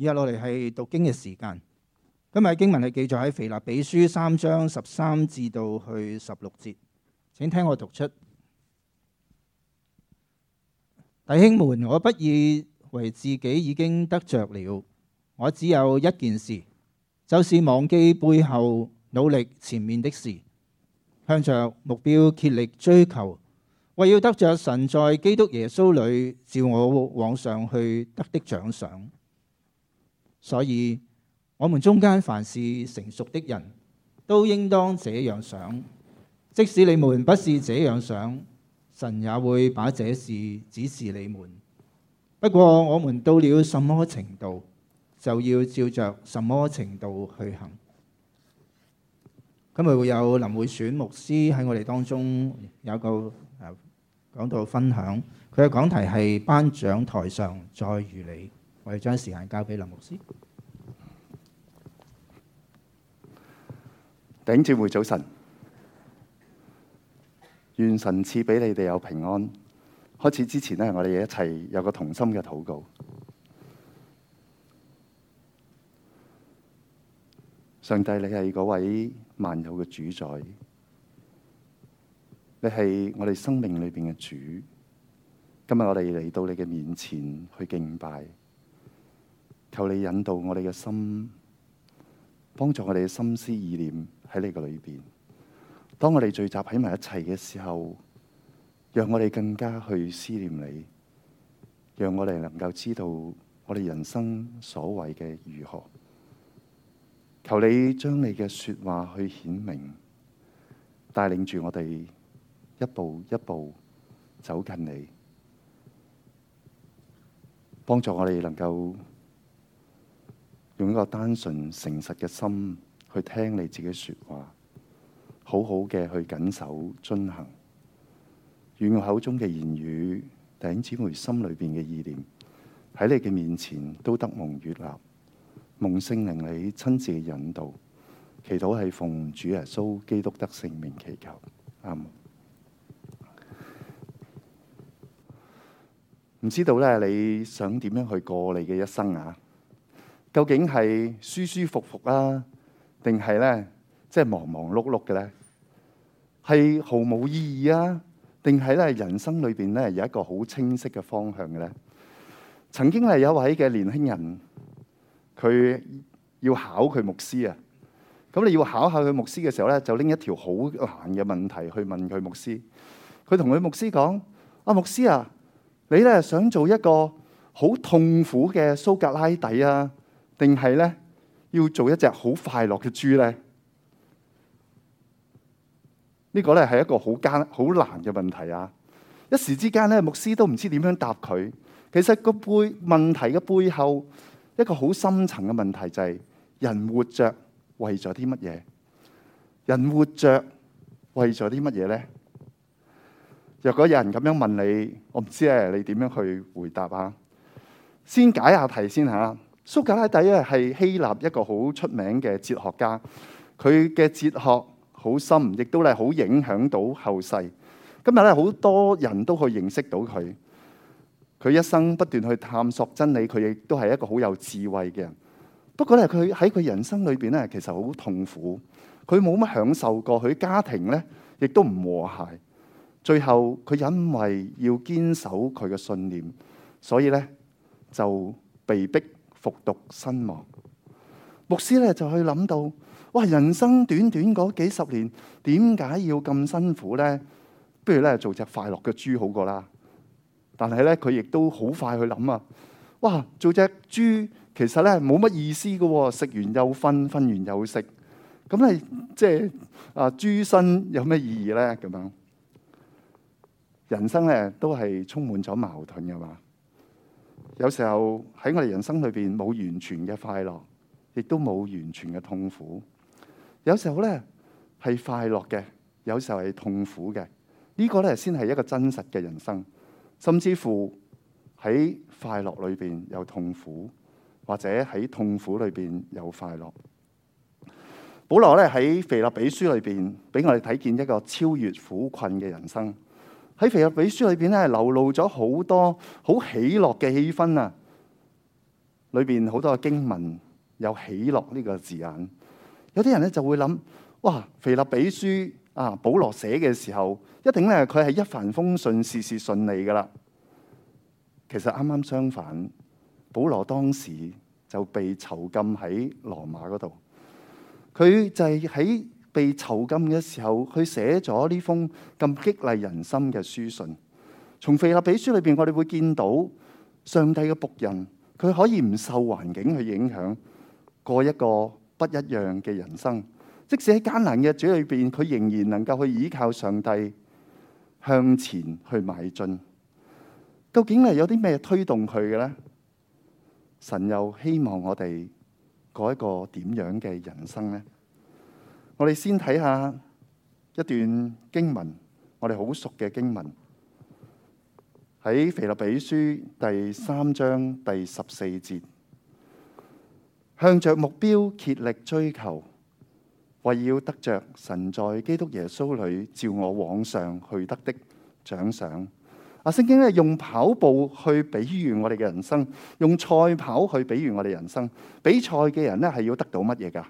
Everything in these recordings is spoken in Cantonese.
而家落嚟係讀經嘅時間。今日經文係記載喺腓立比書三章十三至到去十六節，請聽我讀出。弟兄們，我不以為自己已經得着了，我只有一件事，就是忘記背後努力前面的事，向着目標竭力追求，我要得着神在基督耶穌裏召我往上去得的獎賞。所以，我們中間凡是成熟的人，都應當這樣想。即使你們不是這樣想，神也會把這事指示你們。不過，我們到了什麼程度，就要照着什麼程度去行。今日會有林會選牧師喺我哋當中有一個誒講道分享，佢嘅講題係頒獎台上再遇你。我哋將時間交俾林牧師。頂住會，早晨，願神賜俾你哋有平安。開始之前咧，我哋一齊有一個同心嘅禱告。上帝，你係嗰位萬有嘅主宰，你係我哋生命裏邊嘅主。今日我哋嚟到你嘅面前去敬拜。求你引導我哋嘅心，幫助我哋嘅心思意念喺你嘅裏邊。當我哋聚集喺埋一齊嘅時候，讓我哋更加去思念你，讓我哋能夠知道我哋人生所謂嘅如何。求你將你嘅說話去顯明，帶領住我哋一步一步走近你，幫助我哋能夠。用一個單純誠實嘅心去聽你自己說話，好好嘅去謹守遵行，願我口中嘅言語，弟兄姊妹心裏邊嘅意念，喺你嘅面前都得蒙悅納。蒙聖靈你親自嘅引導，祈禱係奉主耶穌基督得聖名祈求，阿門。唔知道咧，你想點樣去過你嘅一生啊？究竟係舒舒服服啊，定係咧即係忙忙碌碌嘅咧？係毫無意義啊，定係咧人生裏面咧有一個好清晰嘅方向嘅咧？曾經係有一位嘅年輕人，佢要考佢牧師啊。咁你要考下佢牧師嘅時候咧，就拎一條好難嘅問題去問佢牧師。佢同佢牧師講：阿牧師啊，你咧想做一個好痛苦嘅蘇格拉底啊？定係咧要做一隻好快樂嘅豬咧？呢個咧係一個好艱好難嘅問題啊！一時之間咧，牧師都唔知點樣答佢。其實個背問題嘅背後一個好深層嘅問題就係人活着為咗啲乜嘢？人活着為咗啲乜嘢咧？若果有人咁樣問你，我唔知咧，你點樣去回答啊？先解下題先嚇。蘇格拉底咧係希臘一個好出名嘅哲學家，佢嘅哲學好深，亦都係好影響到後世。今日咧好多人都去認識到佢。佢一生不斷去探索真理，佢亦都係一個好有智慧嘅人。不過咧，佢喺佢人生裏邊咧，其實好痛苦。佢冇乜享受過，佢家庭咧亦都唔和諧。最後佢因為要堅守佢嘅信念，所以咧就被逼服毒身亡，牧師咧就去諗到，哇！人生短短嗰幾十年，點解要咁辛苦咧？不如咧做隻快樂嘅豬好過啦。但係咧，佢亦都好快去諗啊！哇，做隻豬其實咧冇乜意思噶，啊，食完又瞓，瞓完又食，咁你，就是，即係啊豬身有咩意義咧？咁樣，人生咧都係充滿咗矛盾嘅嘛。有時候喺我哋人生裏邊冇完全嘅快樂，亦都冇完全嘅痛苦。有時候咧係快樂嘅，有時候係痛苦嘅。這個、呢個咧先係一個真實嘅人生。甚至乎喺快樂裏邊有痛苦，或者喺痛苦裏邊有快樂。保羅咧喺腓立比書裏邊俾我哋睇見一個超越苦困嘅人生。喺腓立比書裏邊咧，流露咗好多好喜樂嘅氣氛啊！裏邊好多嘅經文有喜樂呢個字眼，有啲人咧就會諗：哇！腓立比書啊，保羅寫嘅時候一定咧，佢係一帆風順、事事順利噶啦。其實啱啱相反，保羅當時就被囚禁喺羅馬嗰度，佢就係喺被囚禁嘅時候，佢寫咗呢封咁激勵人心嘅書信。從腓立比書裏邊，我哋會見到上帝嘅僕人，佢可以唔受環境去影響，過一個不一樣嘅人生。即使喺艱難嘅日子裏邊，佢仍然能夠去倚靠上帝向前去邁進。究竟係有啲咩推動佢嘅呢？神又希望我哋過一個點樣嘅人生呢？我哋先睇下一段經文，我哋好熟嘅經文喺腓立比書第三章第十四節，向着目標竭力追求，為要得着神在基督耶穌裏召我往上去得的獎賞。阿聖經咧用跑步去比喻我哋嘅人生，用賽跑去比喻我哋人生。比賽嘅人咧係要得到乜嘢噶？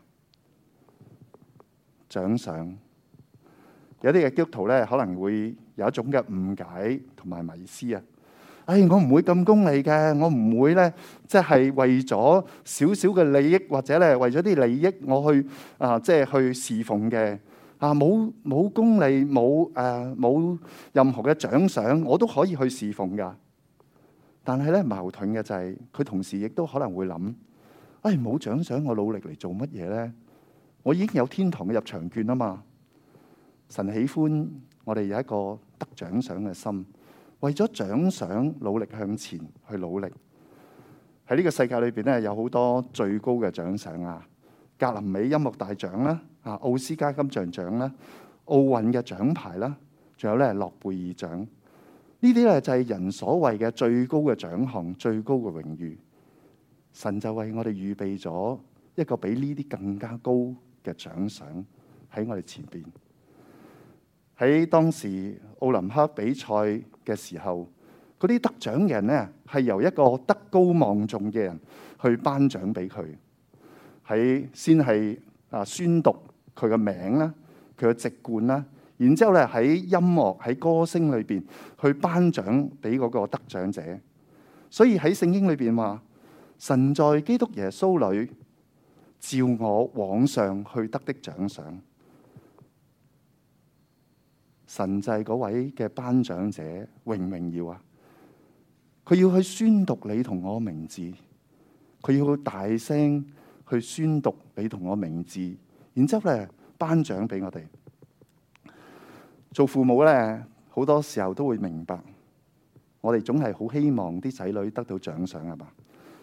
獎賞，有啲嘅基督徒咧，可能會有一種嘅誤解同埋迷思啊！哎，我唔會咁功利嘅，我唔會咧，即係為咗少少嘅利益或者咧為咗啲利益，我去啊，即係去侍奉嘅啊，冇冇功利，冇誒，冇任何嘅獎賞，我都可以去侍奉噶。但係咧矛盾嘅就係，佢同時亦都可能會諗，哎，冇獎賞，我努力嚟做乜嘢咧？我已經有天堂嘅入場券啊嘛！神喜歡我哋有一個得獎賞嘅心，為咗獎賞努力向前去努力。喺呢個世界裏邊咧，有好多最高嘅獎賞啊，格林美音樂大獎啦，啊奧斯卡金像獎啦，奧運嘅獎牌啦，仲有咧諾貝爾獎。呢啲咧就係人所謂嘅最高嘅獎項、最高嘅榮譽。神就為我哋預備咗一個比呢啲更加高。嘅獎賞喺我哋前邊，喺當時奧林匹比賽嘅時候，嗰啲得獎嘅人呢，係由一個德高望重嘅人去頒獎俾佢，喺先係啊宣讀佢嘅名啦，佢嘅籍貫啦，然之後咧喺音樂喺歌聲裏邊去頒獎俾嗰個得獎者。所以喺聖經裏邊話，神在基督耶穌裏。照我往上去得的獎賞，神祭嗰位嘅頒獎者榮榮耀啊！佢要去宣讀你同我名字，佢要去大聲去宣讀你同我名字，然之後咧頒獎俾我哋。做父母咧，好多時候都會明白，我哋總係好希望啲仔女得到獎賞㗎嘛，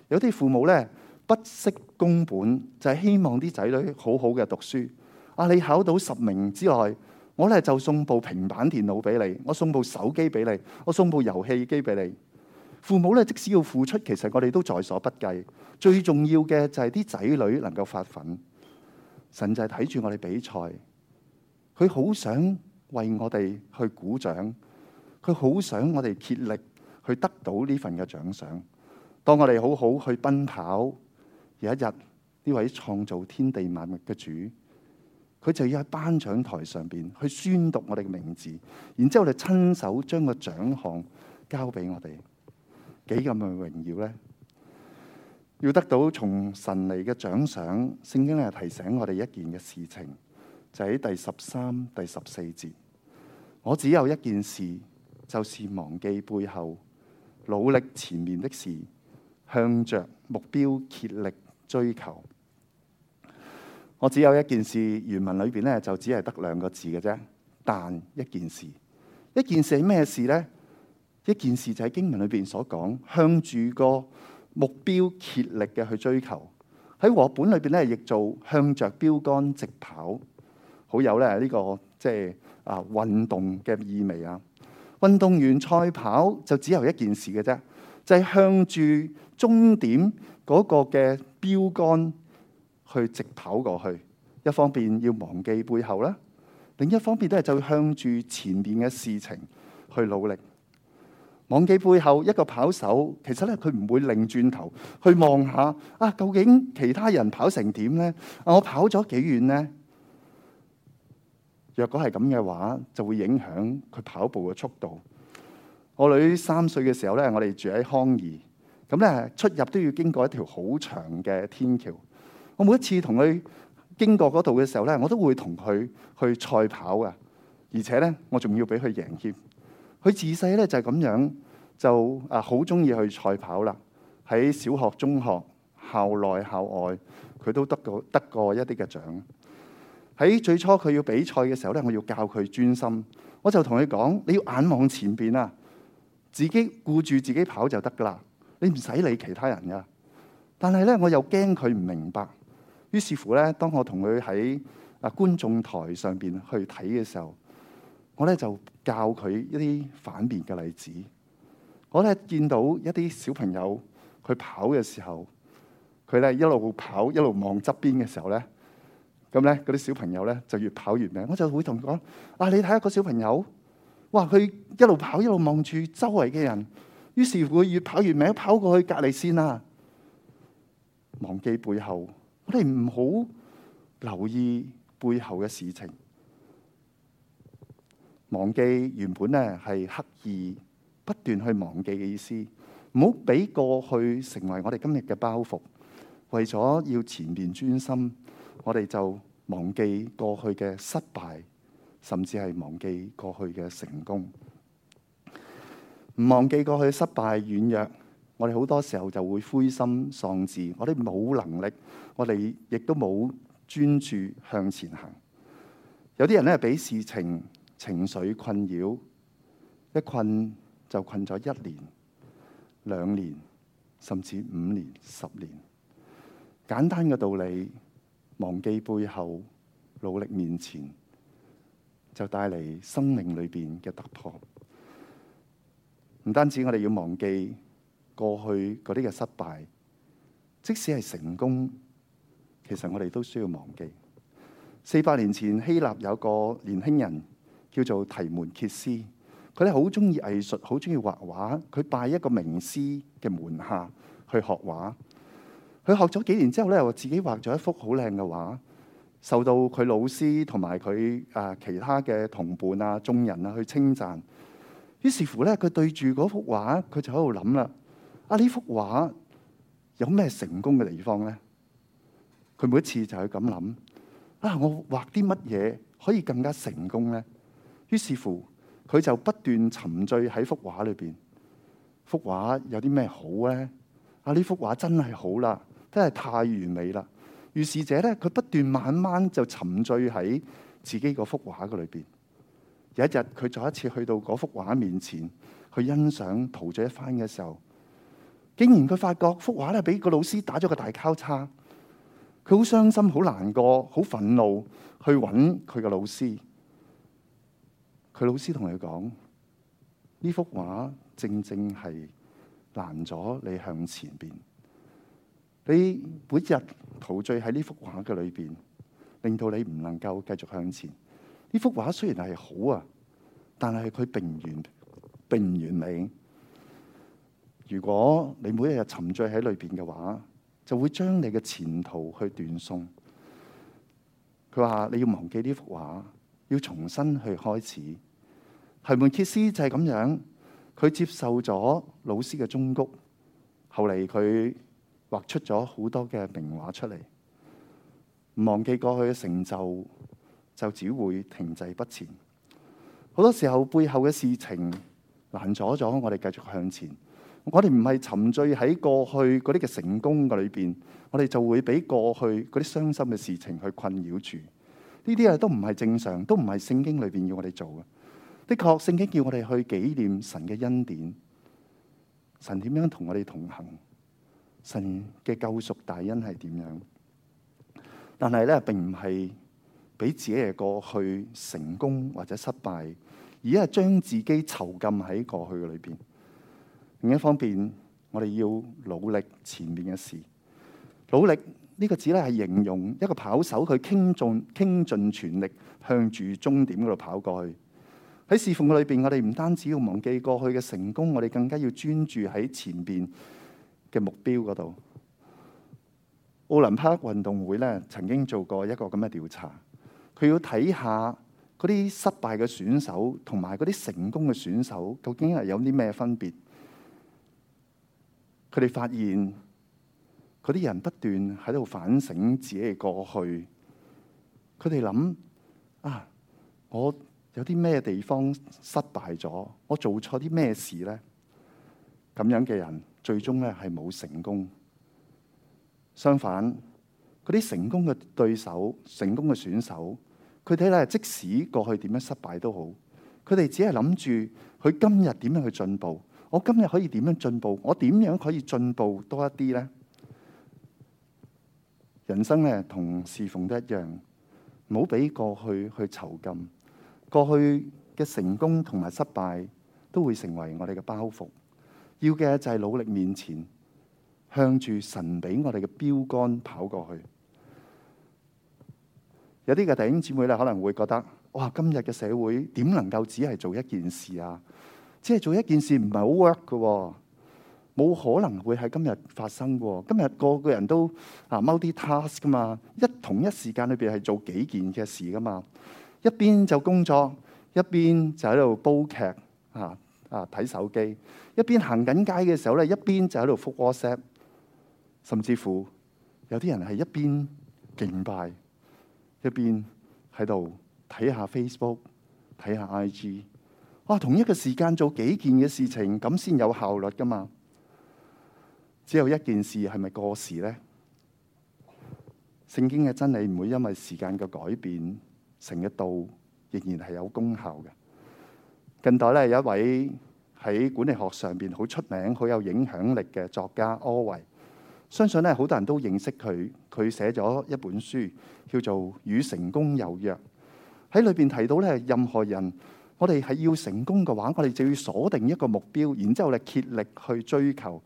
有啲父母咧。不惜工本就係、是、希望啲仔女很好好嘅讀書。啊，你考到十名之外，我咧就送部平板電腦俾你，我送部手機俾你，我送部遊戲機俾你。父母咧即使要付出，其實我哋都在所不計。最重要嘅就係啲仔女能夠發奮。神就係睇住我哋比賽，佢好想為我哋去鼓掌，佢好想我哋竭力去得到呢份嘅獎賞。當我哋好好去奔跑。有一日，呢位創造天地萬物嘅主，佢就要喺頒獎台上邊去宣讀我哋嘅名字，然之後咧親手將個獎項交俾我哋，幾咁嘅榮耀呢？要得到從神嚟嘅獎賞，聖經咧提醒我哋一件嘅事情，就喺、是、第十三、第十四節。我只有一件事，就是忘記背後，努力前面的事，向着目標竭力。追求，我只有一件事。原文裏邊咧就只係得兩個字嘅啫。但一件事，一件事係咩事呢？一件事就喺經文裏邊所講，向住個目標竭力嘅去追求。喺和本裏邊咧亦做向着標杆直跑，好有咧、這、呢個即係啊運動嘅意味啊。運動員賽跑就只有一件事嘅啫，就係、是、向住終點嗰個嘅。標杆去直跑過去，一方面要忘記背後啦，另一方面都係就向住前面嘅事情去努力。忘記背後，一個跑手，其實咧佢唔會擰轉頭去望下啊，究竟其他人跑成點呢？啊，我跑咗幾遠呢？若果係咁嘅話，就會影響佢跑步嘅速度。我女三歲嘅時候咧，我哋住喺康怡。咁咧出入都要經過一條好長嘅天橋。我每一次同佢經過嗰度嘅時候咧，我都會同佢去賽跑噶，而且咧我仲要俾佢贏添。佢自細咧就係咁樣，就啊好中意去賽跑啦。喺小學、中學校內校外，佢都得過得過一啲嘅獎。喺最初佢要比賽嘅時候咧，我要教佢專心，我就同佢講：你要眼望前邊啊，自己顧住自己跑就得噶啦。你唔使理其他人㗎，但係咧我又驚佢唔明白，於是乎咧，當我同佢喺啊觀眾台上邊去睇嘅時候，我咧就教佢一啲反面嘅例子。我咧見到一啲小朋友去跑嘅時候，佢咧一路跑一路望側邊嘅時候咧，咁咧嗰啲小朋友咧就越跑越明，我就會同佢講：啊，你睇下個小朋友，哇！佢一路跑一路望住周圍嘅人。於是會越跑越名，跑過去隔離先啦、啊。忘記背後，我哋唔好留意背後嘅事情，忘記原本呢係刻意不斷去忘記嘅意思。唔好俾過去成為我哋今日嘅包袱。為咗要前面專心，我哋就忘記過去嘅失敗，甚至係忘記過去嘅成功。唔忘記過去失敗軟弱，我哋好多時候就會灰心喪志，我哋冇能力，我哋亦都冇專注向前行。有啲人咧俾事情情緒困擾，一困就困咗一年、兩年，甚至五年、十年。簡單嘅道理，忘記背後，努力面前，就帶嚟生命裏面嘅突破。唔單止我哋要忘記過去嗰啲嘅失敗，即使係成功，其實我哋都需要忘記。四百年前，希臘有個年輕人叫做提門傑斯，佢咧好中意藝術，好中意畫畫。佢拜一個名師嘅門下去學畫。佢學咗幾年之後咧，又自己畫咗一幅好靚嘅畫，受到佢老師同埋佢啊其他嘅同伴啊眾人啊去稱讚。於是乎咧，佢對住嗰幅畫，佢就喺度諗啦。啊，呢幅畫有咩成功嘅地方咧？佢每一次就係咁諗。啊，我畫啲乜嘢可以更加成功咧？於是乎，佢就不斷沉醉喺幅畫裏邊。幅畫有啲咩好咧？啊，呢幅畫真係好啦，真係太完美啦。於是者咧，佢不斷慢慢就沉醉喺自己嗰幅畫嘅裏邊。有一日，佢再一次去到嗰幅畫面前，去欣賞陶醉一番嘅時候，竟然佢發覺幅畫咧俾個老師打咗個大交叉，佢好傷心、好難過、好憤怒，去揾佢嘅老師。佢老師同佢講：呢幅畫正正係攔咗你向前邊，你每日陶醉喺呢幅畫嘅裏邊，令到你唔能夠繼續向前。呢幅畫雖然係好啊，但係佢並唔完並唔完美。如果你每一日沉醉喺裏邊嘅話，就會將你嘅前途去斷送。佢話你要忘記呢幅畫，要重新去開始。提門切斯就係咁樣，佢接受咗老師嘅忠告，後嚟佢畫出咗好多嘅名畫出嚟，忘記過去嘅成就。就只會停滯不前。好多時候背後嘅事情攔阻咗，我哋繼續向前。我哋唔係沉醉喺過去嗰啲嘅成功嘅裏邊，我哋就會俾過去嗰啲傷心嘅事情去困擾住。呢啲啊都唔係正常，都唔係聖經裏邊要我哋做嘅。的確，聖經叫我哋去紀念神嘅恩典，神點樣同我哋同行，神嘅救贖大恩係點樣？但係咧，並唔係。俾自己嘅過去成功或者失敗，而家係將自己囚禁喺過去嘅裏邊。另一方面，我哋要努力前面嘅事。努力呢、呢個字咧，係形容一個跑手佢傾盡傾盡全力向住終點嗰度跑過去。喺事奉嘅裏邊，我哋唔單止要忘記過去嘅成功，我哋更加要專注喺前邊嘅目標嗰度。奧林匹克運動會咧，曾經做過一個咁嘅調查。佢要睇下嗰啲失敗嘅選手同埋嗰啲成功嘅選手，究竟係有啲咩分別？佢哋發現，嗰啲人不斷喺度反省自己嘅過去。佢哋諗，啊，我有啲咩地方失敗咗？我做錯啲咩事咧？咁樣嘅人最終咧係冇成功。相反，嗰啲成功嘅對手，成功嘅選手。佢睇咧，即使過去點樣失敗都好，佢哋只係諗住佢今日點樣去進步。我今日可以點樣進步？我點樣可以進步多一啲呢？人生呢同侍奉都一樣，唔好俾過去去囚禁。過去嘅成功同埋失敗都會成為我哋嘅包袱。要嘅就係努力面前，向住神俾我哋嘅標竿跑過去。有啲嘅弟兄姊妹咧，可能會覺得：哇！今日嘅社會點能夠只係做一件事啊？只係做一件事唔係好 work 㗎，冇可能會喺今日發生嘅。今日個個人都啊 multitask 噶嘛，一同一時間裏邊係做幾件嘅事噶嘛。一邊就工作，一邊就喺度煲劇啊啊睇手機，一邊行緊街嘅時候咧，一邊就喺度覆 WhatsApp，甚至乎有啲人係一邊敬拜。邊喺度睇下 Facebook，睇下 IG，啊，同一個時間做幾件嘅事情咁先有效率噶嘛。只有一件事係咪過時呢？聖經嘅真理唔會因為時間嘅改變，成一度仍然係有功效嘅。近代咧，有一位喺管理學上邊好出名、好有影響力嘅作家柯維。相信咧，好多人都認識佢。佢寫咗一本書，叫做《與成功有約》，喺裏面提到咧，任何人我哋係要成功嘅話，我哋就要鎖定一個目標，然之後咧竭力去追求，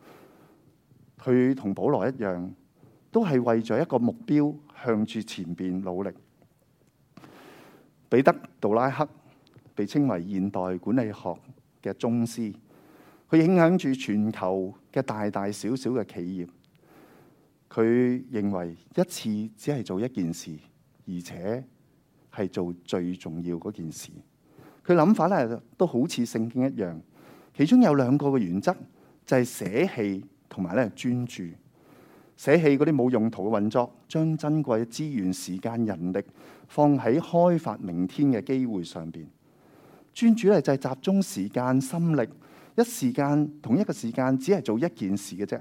佢同保羅一樣，都係為咗一個目標向住前面努力。彼得杜拉克被稱為現代管理學嘅宗師，佢影響住全球嘅大大小小嘅企業。佢認為一次只係做一件事，而且係做最重要嗰件事。佢諗法咧都好似聖經一樣，其中有兩個嘅原則就係捨棄同埋咧專注。捨棄嗰啲冇用途嘅運作，將珍貴嘅資源、時間、人力放喺開發明天嘅機會上邊。專注咧就係集中時間、心力，一時間同一個時間只係做一件事嘅啫。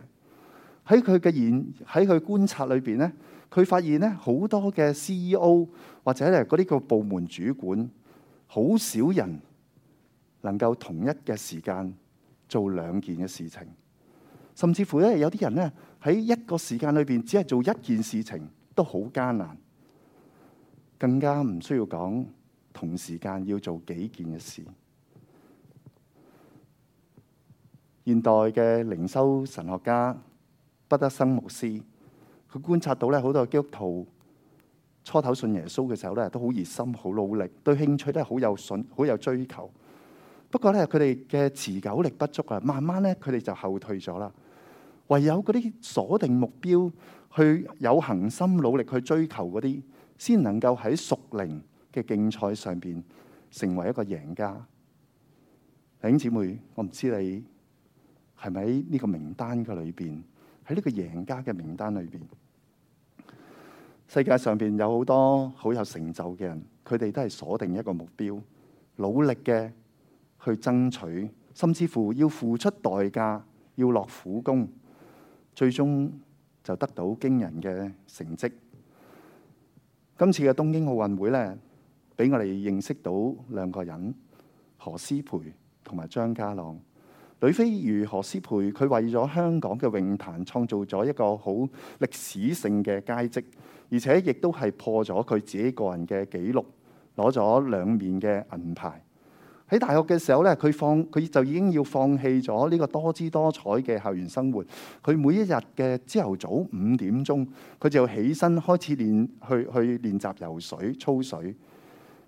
喺佢嘅言，喺佢觀察裏邊咧，佢發現咧好多嘅 CEO 或者咧嗰啲個部門主管，好少人能夠同一嘅時間做兩件嘅事情，甚至乎咧有啲人咧喺一個時間裏邊只係做一件事情都好艱難，更加唔需要講同時間要做幾件嘅事。現代嘅靈修神學家。不得生牧師，佢觀察到咧，好多基督徒初頭信耶穌嘅時候咧，都好熱心，好努力，對興趣咧好有信，好有追求。不過咧，佢哋嘅持久力不足啊，慢慢咧佢哋就後退咗啦。唯有嗰啲鎖定目標，去有恆心努力去追求嗰啲，先能夠喺熟齡嘅競賽上邊成為一個贏家。弟兄姊妹，我唔知你係咪喺呢個名單嘅裏邊。喺呢個贏家嘅名單裏邊，世界上邊有好多好有成就嘅人，佢哋都係鎖定一個目標，努力嘅去爭取，甚至乎要付出代價，要落苦功，最終就得到驚人嘅成績。今次嘅東京奧運會呢，俾我哋認識到兩個人，何詩蓓同埋張家朗。女飛魚何詩蓓，佢為咗香港嘅泳壇創造咗一個好歷史性嘅佳績，而且亦都係破咗佢自己個人嘅紀錄，攞咗兩面嘅銀牌。喺大學嘅時候咧，佢放佢就已經要放棄咗呢個多姿多彩嘅校園生活。佢每一日嘅朝頭早五點鐘，佢就起身開始練去去練習游水、操水。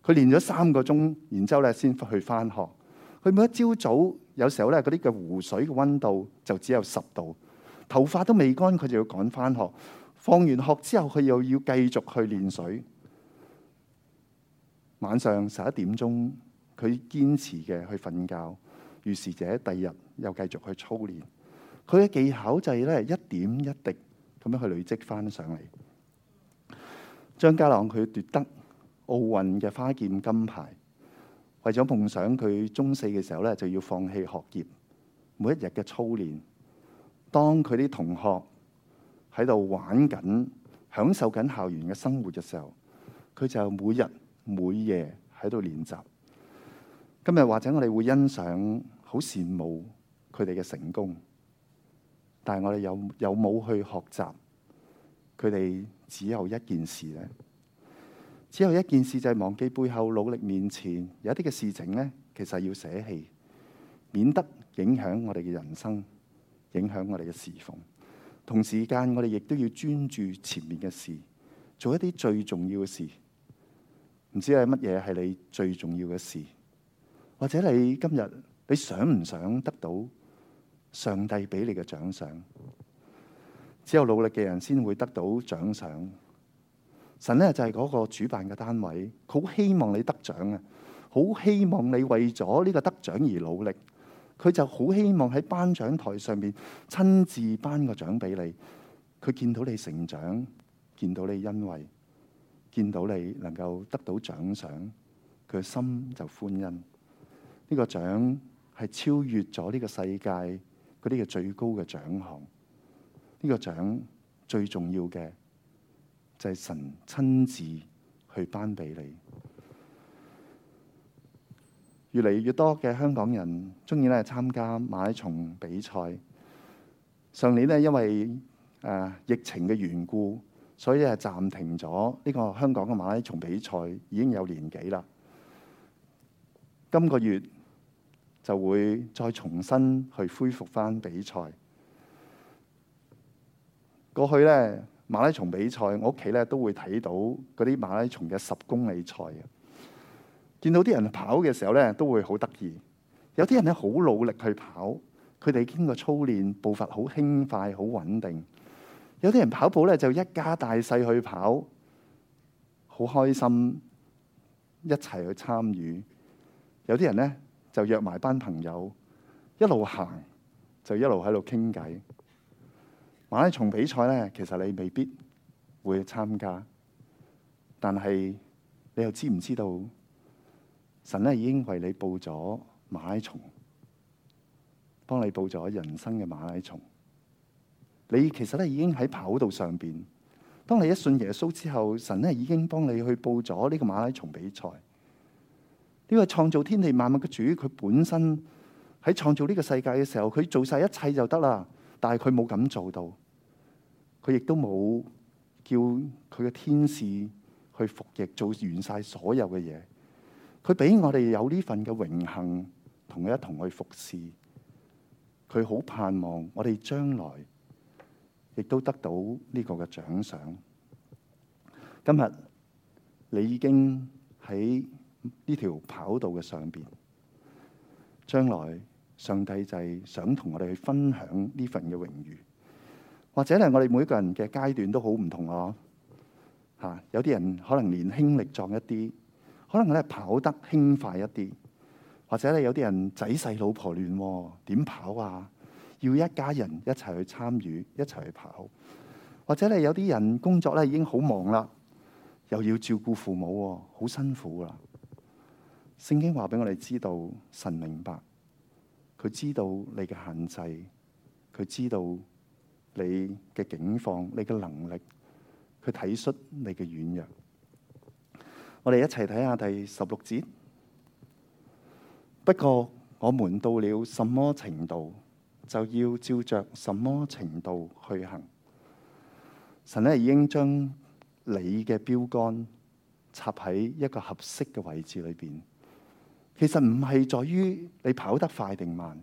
佢練咗三個鐘，然之後咧先去返學。佢每一朝早，早，有時候咧，嗰啲嘅湖水嘅温度就只有十度，頭髮都未乾，佢就要趕翻學。放完學之後，佢又要繼續去練水。晚上十一點鐘，佢堅持嘅去瞓覺。於是者，第二日又繼續去操練。佢嘅技巧就係咧一點一滴咁樣去累積翻上嚟。張家朗佢奪得奧運嘅花劍金牌。為咗夢想，佢中四嘅時候咧就要放棄學業，每一日嘅操練。當佢啲同學喺度玩緊、享受緊校園嘅生活嘅時候，佢就每日每夜喺度練習。今日或者我哋會欣賞、好羨慕佢哋嘅成功，但係我哋有有冇去學習，佢哋只有一件事咧？只有一件事就係忘記背後，努力面前，有一啲嘅事情呢，其實要捨棄，免得影響我哋嘅人生，影響我哋嘅侍奉。同時間我哋亦都要專注前面嘅事，做一啲最重要嘅事。唔知係乜嘢係你最重要嘅事，或者你今日你想唔想得到上帝俾你嘅獎賞？只有努力嘅人先會得到獎賞。神咧就係、是、嗰個主辦嘅單位，好希望你得獎啊，好希望你為咗呢個得獎而努力，佢就好希望喺頒獎台上面親自頒個獎俾你，佢見到你成長，見到你欣慰，見到你能夠得到獎賞，佢心就歡欣。呢、這個獎係超越咗呢個世界嗰啲嘅最高嘅獎項，呢、這個獎最重要嘅。就係、是、神親自去頒俾你。越嚟越多嘅香港人中意咧參加馬拉松比賽。上年呢，因為疫情嘅緣故，所以係暫停咗呢個香港嘅馬拉松比賽，已經有年幾啦。今個月就會再重新去恢復返比賽。過去呢。馬拉松比賽，我屋企咧都會睇到嗰啲馬拉松嘅十公里賽啊！見到啲人跑嘅時候咧，都會好得意。有啲人咧好努力去跑，佢哋經過操練，步伐好輕快、好穩定。有啲人跑步咧就一家大細去跑，好開心，一齊去參與。有啲人咧就約埋班朋友一路行，就一路喺度傾偈。馬拉松比賽咧，其實你未必會參加，但係你又知唔知道神？神咧已經為你報咗馬拉松，幫你報咗人生嘅馬拉松。你其實咧已經喺跑道上邊。當你一信耶穌之後，神咧已經幫你去報咗呢個馬拉松比賽。呢個創造天地萬物嘅主，佢本身喺創造呢個世界嘅時候，佢做晒一切就得啦，但係佢冇咁做到。佢亦都冇叫佢嘅天使去服役，做完晒所有嘅嘢。佢俾我哋有呢份嘅榮幸，同佢一同去服侍。佢好盼望我哋將來亦都得到呢個嘅獎賞。今日你已經喺呢條跑道嘅上邊，將來上帝就係想同我哋去分享呢份嘅榮譽。或者咧，我哋每個人嘅階段都好唔同咯。嚇，有啲人可能年輕力壯一啲，可能咧跑得輕快一啲；或者咧有啲人仔細老婆亂喎，點跑啊？要一家人一齊去參與，一齊去跑。或者咧有啲人工作咧已經好忙啦，又要照顧父母喎，好辛苦啦！聖經話俾我哋知道，神明白，佢知道你嘅限制，佢知道。你嘅境況，你嘅能力，去體恤你嘅軟弱。我哋一齊睇下第十六節。不過，我們到了什麼程度，就要照着什麼程度去行。神呢已經將你嘅標杆插喺一個合適嘅位置裏邊。其實唔係在於你跑得快定慢。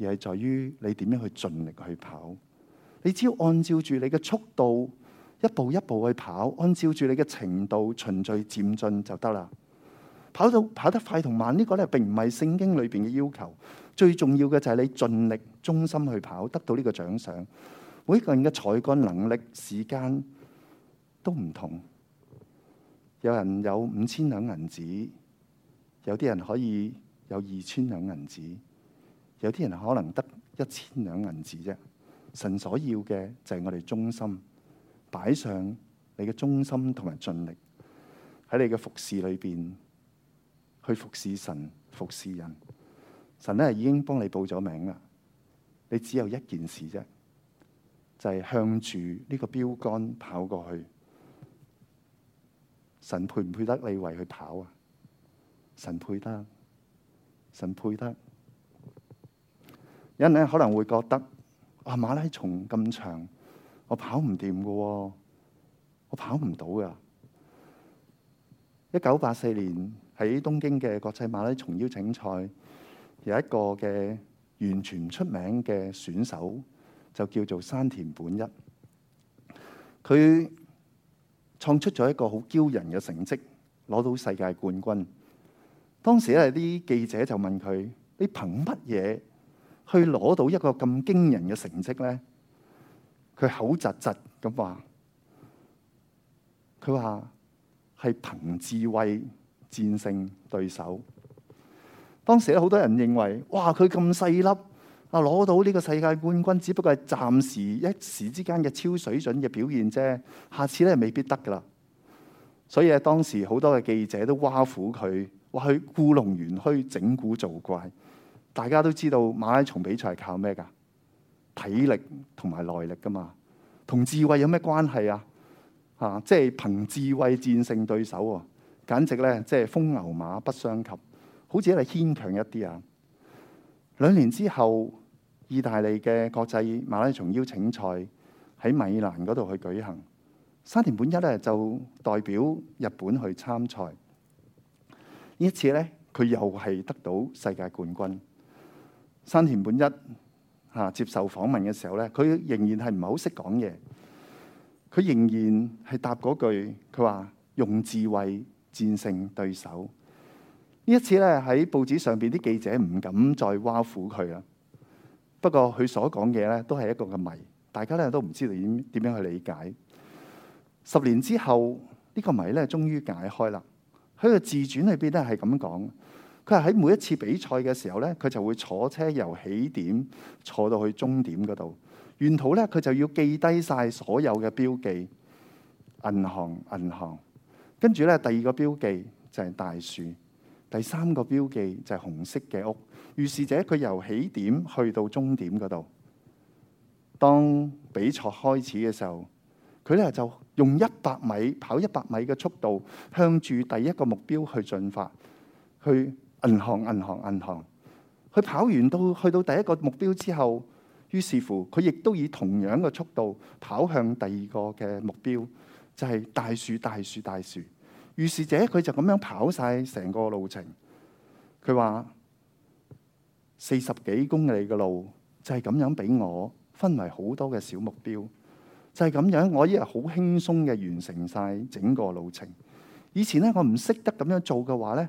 而係在於你點樣去盡力去跑，你只要按照住你嘅速度，一步一步去跑，按照住你嘅程度循序漸進就得啦。跑到跑得快同慢呢、這個咧，並唔係聖經裏邊嘅要求。最重要嘅就係你盡力、忠心去跑，得到呢個獎賞。每一個人嘅才幹、能力、時間都唔同，有人有五千兩銀子，有啲人可以有二千兩銀子。有啲人可能得一千兩銀子啫，神所要嘅就係我哋忠心，擺上你嘅忠心同埋盡力，喺你嘅服侍裏邊，去服侍神，服侍人神呢。神咧已經幫你報咗名啦，你只有一件事啫，就係向住呢個標杆跑過去。神配唔配得你為佢跑啊？神配得，神配得。有人咧可能會覺得啊，馬拉松咁長，我跑唔掂㗎，我跑唔到㗎。一九八四年喺東京嘅國際馬拉松邀請賽，有一個嘅完全出名嘅選手，就叫做山田本一。佢創出咗一個好驕人嘅成績，攞到世界冠軍。當時咧啲記者就問佢：你憑乜嘢？去攞到一個咁驚人嘅成績呢，佢口窒窒咁話：佢話係憑智慧戰勝對手。當時咧，好多人認為：哇！佢咁細粒啊，攞到呢個世界冠軍，只不過係暫時、一時之間嘅超水準嘅表現啫。下次咧，未必得噶啦。所以喺當時好多嘅記者都挖苦佢，話佢故弄玄虛、整蠱做怪。大家都知道馬拉松比賽靠咩噶？體力同埋耐力噶嘛，同智慧有咩關係啊？啊，即、就、係、是、憑智慧戰勝對手喎、啊，簡直咧即係風牛馬不相及，好似係牽強一啲啊！兩年之後，意大利嘅國際馬拉松邀請賽喺米蘭嗰度去舉行，山田本一咧就代表日本去參賽。呢一次咧，佢又係得到世界冠軍。山田本一嚇、啊、接受訪問嘅時候咧，佢仍然係唔係好識講嘢，佢仍然係答嗰句，佢話用智慧戰勝對手。呢一次咧，喺報紙上邊啲記者唔敢再挖苦佢啦。不過佢所講嘅咧都係一個嘅謎，大家咧都唔知道點點樣去理解。十年之後、這個、呢個謎咧終於解開啦。佢個自傳裏邊咧係咁講。佢係喺每一次比賽嘅時候咧，佢就會坐車由起點坐到去終點嗰度。沿途咧，佢就要記低晒所有嘅標記，銀行、銀行。跟住咧，第二個標記就係大樹，第三個標記就係紅色嘅屋。於是者佢由起點去到終點嗰度。當比賽開始嘅時候，佢咧就用一百米跑一百米嘅速度，向住第一個目標去進發，去。銀行，銀行，銀行。佢跑完到去到第一個目標之後，於是乎佢亦都以同樣嘅速度跑向第二個嘅目標，就係大樹，大樹，大樹。於是者佢就咁樣跑晒成個路程。佢話四十幾公里嘅路就係咁樣俾我分為好多嘅小目標，就係咁樣我一日好輕鬆嘅完成晒整個路程。以前咧我唔識得咁樣做嘅話咧。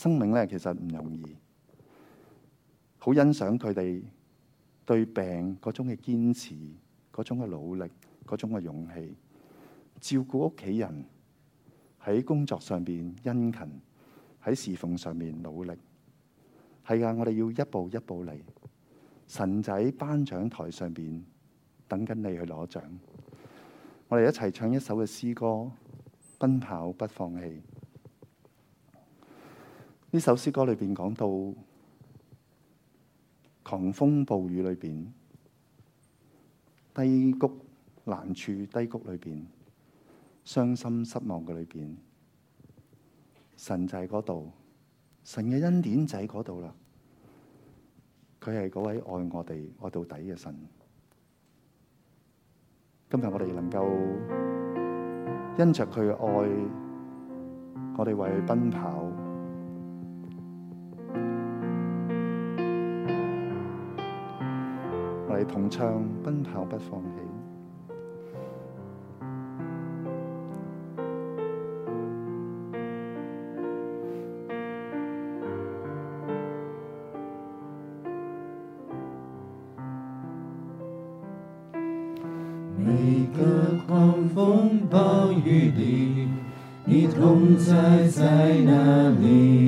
生命咧，其實唔容易。好欣賞佢哋對病嗰種嘅堅持，嗰種嘅努力，嗰種嘅勇氣。照顧屋企人，喺工作上邊殷勤，喺侍奉上面努力。係啊，我哋要一步一步嚟。神就喺頒獎台上邊等緊你去攞獎。我哋一齊唱一首嘅詩歌：奔跑不放棄。呢首詩歌裏面講到狂風暴雨裏面，低谷難處低谷裏面，傷心失望嘅裏面，神就喺嗰度，神嘅恩典就喺嗰度啦。佢係嗰位愛我哋愛到底嘅神。今日我哋能夠因着佢嘅愛，我哋為奔跑。同唱，奔跑不放棄。每個狂風暴雨裏，你同在在哪裏？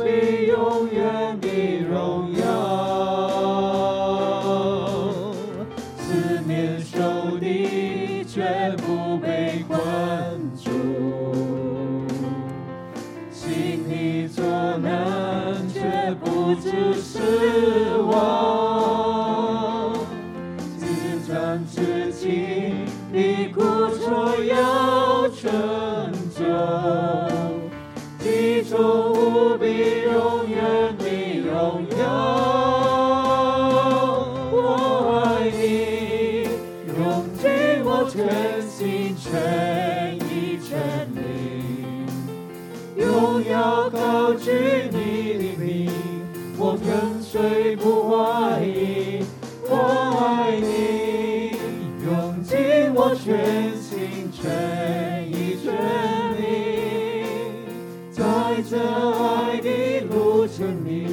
誰不懷疑我愛你？用盡我全心、全意、全力，在這愛的路程裏，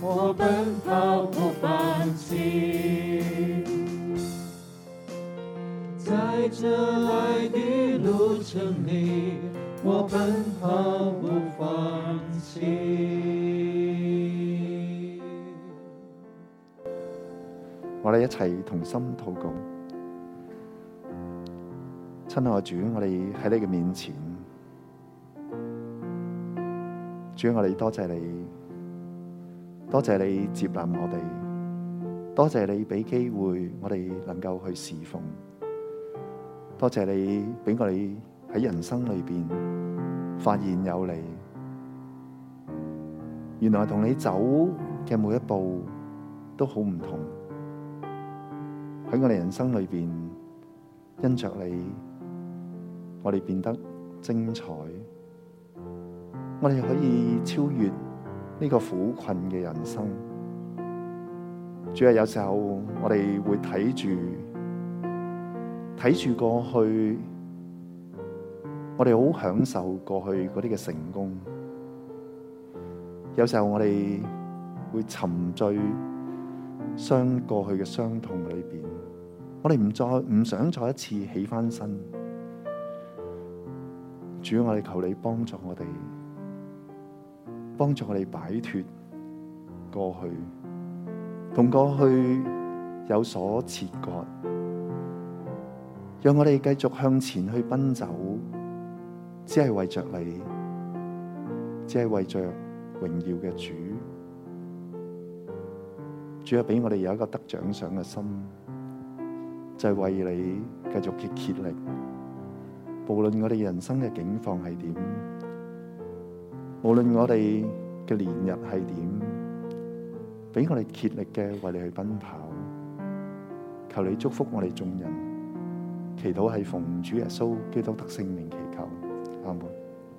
我奔跑不放棄。在這愛的路程裏，我奔跑。一齊同心禱告，親愛主，我哋喺你嘅面前，主，我哋多謝你，多謝你接納我哋，多謝你俾機會我哋能夠去侍奉，多謝你俾我哋喺人生裏邊發現有你，原來同你走嘅每一步都好唔同。喺我哋人生裏邊，因着你，我哋變得精彩。我哋可以超越呢個苦困嘅人生。主要有時候我哋會睇住睇住過去，我哋好享受過去嗰啲嘅成功。有時候我哋會沉醉傷過去嘅傷痛裏邊。我哋唔再唔想再一次起翻身，主要我哋求你幫助我哋，幫助我哋擺脫過去，同過去有所切割，讓我哋繼續向前去奔走，只係為着你，只係為着榮耀嘅主，主要俾我哋有一個得獎賞嘅心。就係、是、為你繼續嘅竭力，無論我哋人生嘅境況係點，無論我哋嘅年日係點，俾我哋竭力嘅為你去奔跑。求你祝福我哋眾人，祈禱係奉主耶穌基督得勝名祈求，阿門。